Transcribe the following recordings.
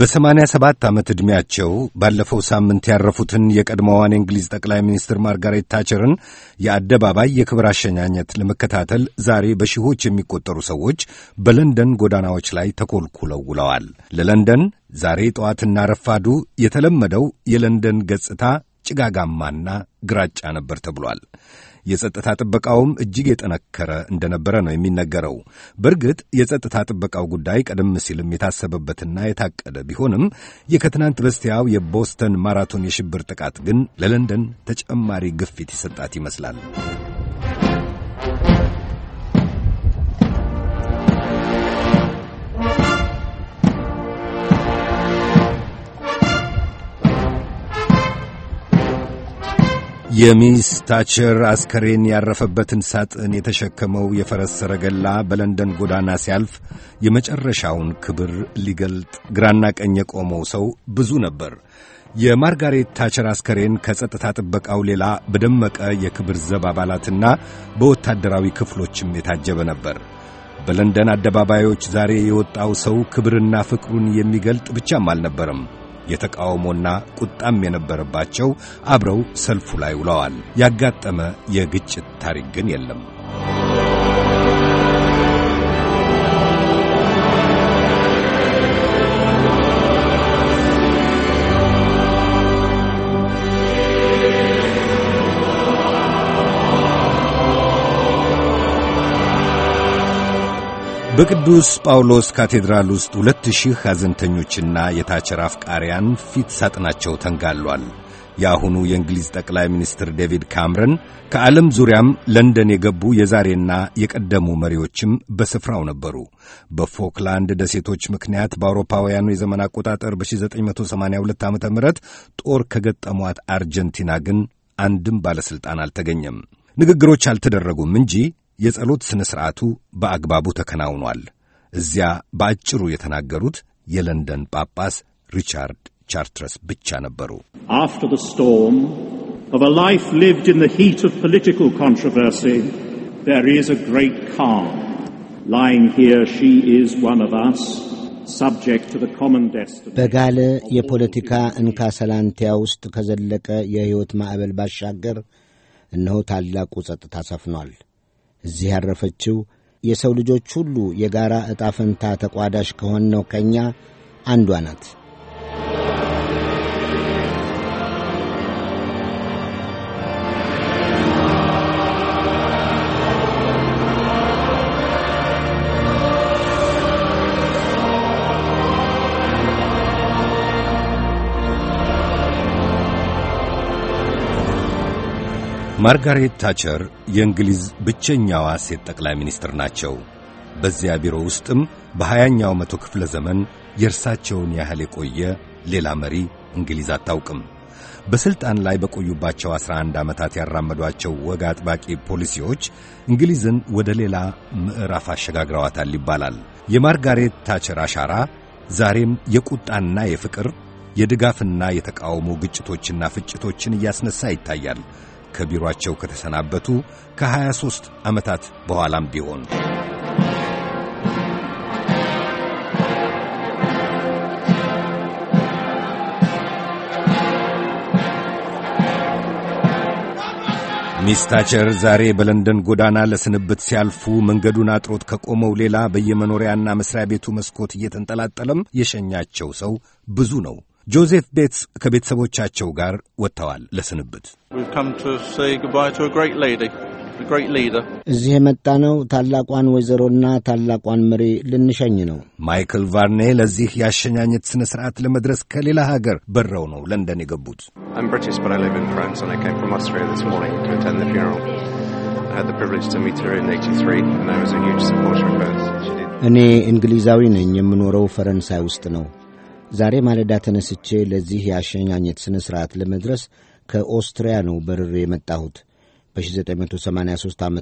በሰማንያ ሰባት ዓመት ዕድሜያቸው ባለፈው ሳምንት ያረፉትን የቀድሞዋን የእንግሊዝ ጠቅላይ ሚኒስትር ማርጋሬት ታቸርን የአደባባይ የክብር አሸኛኘት ለመከታተል ዛሬ በሺዎች የሚቆጠሩ ሰዎች በለንደን ጎዳናዎች ላይ ተኮልኩለው ውለዋል። ለለንደን ዛሬ ጠዋትና ረፋዱ የተለመደው የለንደን ገጽታ ጭጋጋማና ግራጫ ነበር ተብሏል። የጸጥታ ጥበቃውም እጅግ የጠነከረ እንደነበረ ነው የሚነገረው። በእርግጥ የጸጥታ ጥበቃው ጉዳይ ቀደም ሲልም የታሰበበትና የታቀደ ቢሆንም የከትናንት በስቲያው የቦስተን ማራቶን የሽብር ጥቃት ግን ለለንደን ተጨማሪ ግፊት ይሰጣት ይመስላል። የሚስ ታቸር አስከሬን ያረፈበትን ሳጥን የተሸከመው የፈረስ ሰረገላ በለንደን ጎዳና ሲያልፍ የመጨረሻውን ክብር ሊገልጥ ግራና ቀኝ የቆመው ሰው ብዙ ነበር። የማርጋሬት ታቸር አስከሬን ከጸጥታ ጥበቃው ሌላ በደመቀ የክብር ዘብ አባላትና በወታደራዊ ክፍሎችም የታጀበ ነበር። በለንደን አደባባዮች ዛሬ የወጣው ሰው ክብርና ፍቅሩን የሚገልጥ ብቻም አልነበረም። የተቃውሞና ቁጣም የነበረባቸው አብረው ሰልፉ ላይ ውለዋል። ያጋጠመ የግጭት ታሪክ ግን የለም። በቅዱስ ጳውሎስ ካቴድራል ውስጥ ሁለት ሺህ ሐዘንተኞችና የታቸር አፍቃሪያን ፊት ሳጥናቸው ተንጋሏል። የአሁኑ የእንግሊዝ ጠቅላይ ሚኒስትር ዴቪድ ካምረን ከዓለም ዙሪያም ለንደን የገቡ የዛሬና የቀደሙ መሪዎችም በስፍራው ነበሩ። በፎክላንድ ደሴቶች ምክንያት በአውሮፓውያኑ የዘመን አቆጣጠር በ1982 ዓ ም ጦር ከገጠሟት አርጀንቲና ግን አንድም ባለሥልጣን አልተገኘም። ንግግሮች አልተደረጉም እንጂ የጸሎት ሥነ ሥርዓቱ በአግባቡ ተከናውኗል። እዚያ በአጭሩ የተናገሩት የለንደን ጳጳስ ሪቻርድ ቻርትረስ ብቻ ነበሩ። በጋለ የፖለቲካ እንካሰላንቲያ ውስጥ ከዘለቀ የሕይወት ማዕበል ባሻገር እነሆ ታላቁ ጸጥታ ሰፍኗል። እዚህ ያረፈችው የሰው ልጆች ሁሉ የጋራ ዕጣ ፈንታ ተቋዳሽ ከሆነው ከእኛ አንዷ ናት። ማርጋሬት ታቸር የእንግሊዝ ብቸኛዋ ሴት ጠቅላይ ሚኒስትር ናቸው። በዚያ ቢሮ ውስጥም በሀያኛው መቶ ክፍለ ዘመን የእርሳቸውን ያህል የቆየ ሌላ መሪ እንግሊዝ አታውቅም። በሥልጣን ላይ በቆዩባቸው 11 ዓመታት ያራመዷቸው ወግ አጥባቂ ፖሊሲዎች እንግሊዝን ወደ ሌላ ምዕራፍ አሸጋግረዋታል ይባላል። የማርጋሬት ታቸር አሻራ ዛሬም የቁጣና የፍቅር የድጋፍና የተቃውሞ ግጭቶችና ፍጭቶችን እያስነሳ ይታያል። ከቢሮአቸው ከተሰናበቱ ከ23 ዓመታት በኋላም ቢሆን ሚስ ታቸር ዛሬ በለንደን ጎዳና ለስንብት ሲያልፉ መንገዱን አጥሮት ከቆመው ሌላ በየመኖሪያና መስሪያ ቤቱ መስኮት እየተንጠላጠለም የሸኛቸው ሰው ብዙ ነው። ጆዜፍ ቤትስ ከቤተሰቦቻቸው ጋር ወጥተዋል ለስንብት። እዚህ ነው ታላቋን ወይዘሮና ታላቋን መሪ ልንሸኝ ነው። ማይክል ቫርኔ ለዚህ የአሸኛኘት ሥነ ሥርዓት ለመድረስ ከሌላ ሀገር በረው ነው ለንደን የገቡት። እኔ እንግሊዛዊ ነኝ፣ የምኖረው ፈረንሳይ ውስጥ ነው። ዛሬ ማለዳ ተነስቼ ለዚህ የአሸኛኘት ሥነ ሥርዓት ለመድረስ ከኦስትሪያ ነው በርሬ የመጣሁት። በ1983 ዓ ም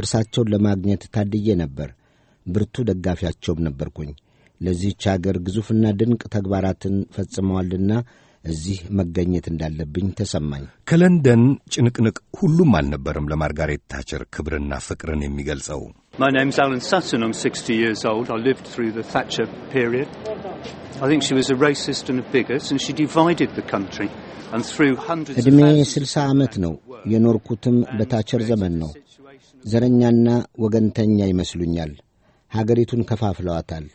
እርሳቸውን ለማግኘት ታድዬ ነበር። ብርቱ ደጋፊያቸውም ነበርኩኝ። ለዚህች አገር ግዙፍና ድንቅ ተግባራትን ፈጽመዋልና እዚህ መገኘት እንዳለብኝ ተሰማኝ። ከለንደን ጭንቅንቅ ሁሉም አልነበረም ለማርጋሬት ታቸር ክብርና ፍቅርን የሚገልጸው። ዕድሜ ስልሳ ዓመት ነው። የኖርኩትም በታቸር ዘመን ነው። ዘረኛና ወገንተኛ ይመስሉኛል። ሀገሪቱን ከፋፍለዋታል።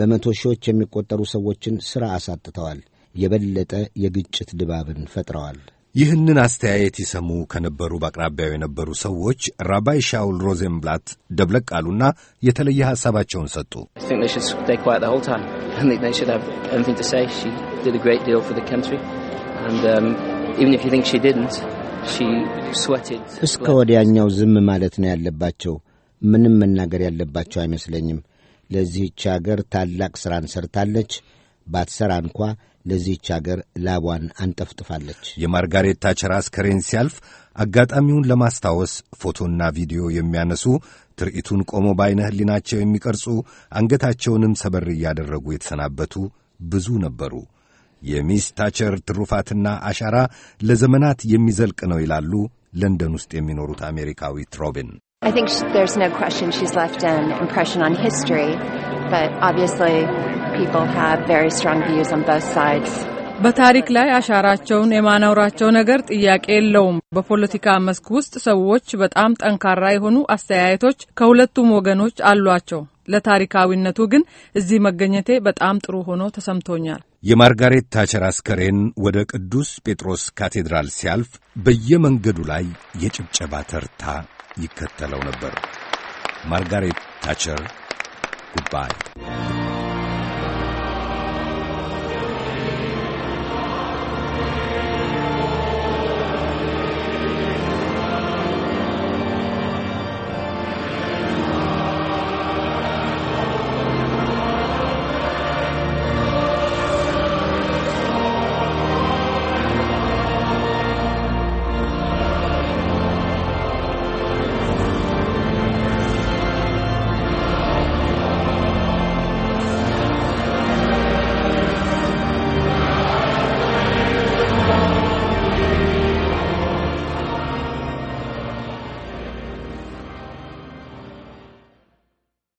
በመቶ ሺዎች የሚቆጠሩ ሰዎችን ሥራ አሳጥተዋል። የበለጠ የግጭት ድባብን ፈጥረዋል። ይህንን አስተያየት ይሰሙ ከነበሩ በአቅራቢያው የነበሩ ሰዎች ራባይ ሻውል ሮዘንብላት ደብለቅ አሉና የተለየ ሐሳባቸውን ሰጡ። um, እስከ ወዲያኛው ዝም ማለት ነው ያለባቸው። ምንም መናገር ያለባቸው አይመስለኝም። ለዚህች አገር ታላቅ ሥራን ሰርታለች። ባትሰራ እንኳ ለዚህች አገር ላቧን አንጠፍጥፋለች። የማርጋሬት ታቸር አስከሬን ሲያልፍ አጋጣሚውን ለማስታወስ ፎቶና ቪዲዮ የሚያነሱ ትርኢቱን ቆሞ በዓይነ ሕሊናቸው የሚቀርጹ አንገታቸውንም ሰበር እያደረጉ የተሰናበቱ ብዙ ነበሩ። የሚስ ታቸር ትሩፋትና አሻራ ለዘመናት የሚዘልቅ ነው ይላሉ ለንደን ውስጥ የሚኖሩት አሜሪካዊት ሮቢን። I think she, there's no question she's left an impression on history, but obviously people have very strong views on both sides. በታሪክ ላይ አሻራቸውን የማኖራቸው ነገር ጥያቄ የለውም። በፖለቲካ መስክ ውስጥ ሰዎች በጣም ጠንካራ የሆኑ አስተያየቶች ከሁለቱም ወገኖች አሏቸው። ለታሪካዊነቱ ግን እዚህ መገኘቴ በጣም ጥሩ ሆኖ ተሰምቶኛል። የማርጋሬት ታቸር አስከሬን ወደ ቅዱስ ጴጥሮስ ካቴድራል ሲያልፍ በየመንገዱ ላይ የጭብጨባ ተርታ ይከተለው ነበር። ማርጋሬት ታቸር ጉባኤ